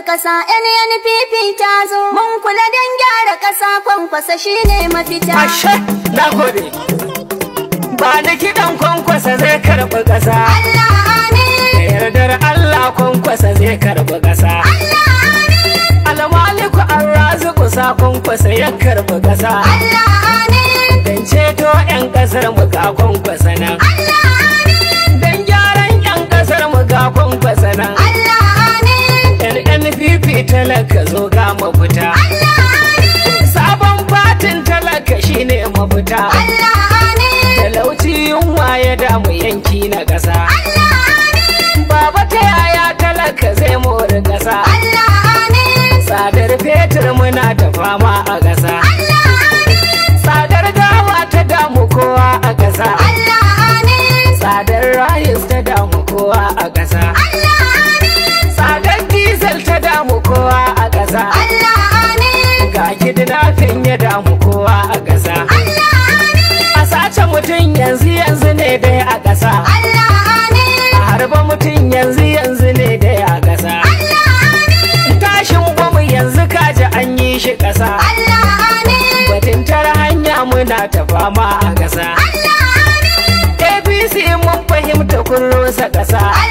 Ƙasa NNPP ta zo, mun kula don gyara ƙasa kwankwasa shi ne mafita. Ashe, na gode. Ba da kiɗan kwankwasa zai karɓi ƙasa. Allah amin. Yardar Allah kwankwasa zai karɓi kasa Allah amin. Almaliku an razuku sa kwankwasa ya karɓi ƙasa. Allah amin. Dan ceto 'yan ƙasar mu ga kwankwasa nan. Allah zo ga mafita sabon fatin talaka shine mafita talauci yunwa ya damu yanki na gasa baba ta yaya talaka zai mori gasa tsadar fetur muna ta fama a gasa. kidnapping ya damu kowa a ƙasa. Allah amin. A sace mutum yanzu yanzu ne dai a ƙasa. Allah amin. A harba mutum yanzu yanzu ne dai a ƙasa. Allah amin. Tashin gwamu yanzu kaji an yi shi ƙasa. Allah amin. Batun tara hanya muna ta fama a ƙasa. Allah amin. APC mun fahimta kun sa ƙasa.